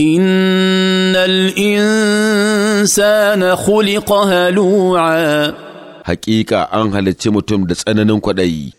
ان الانسان خلق هلوعا حقيقه ان halarci mutum da tsananin kwaɗayi.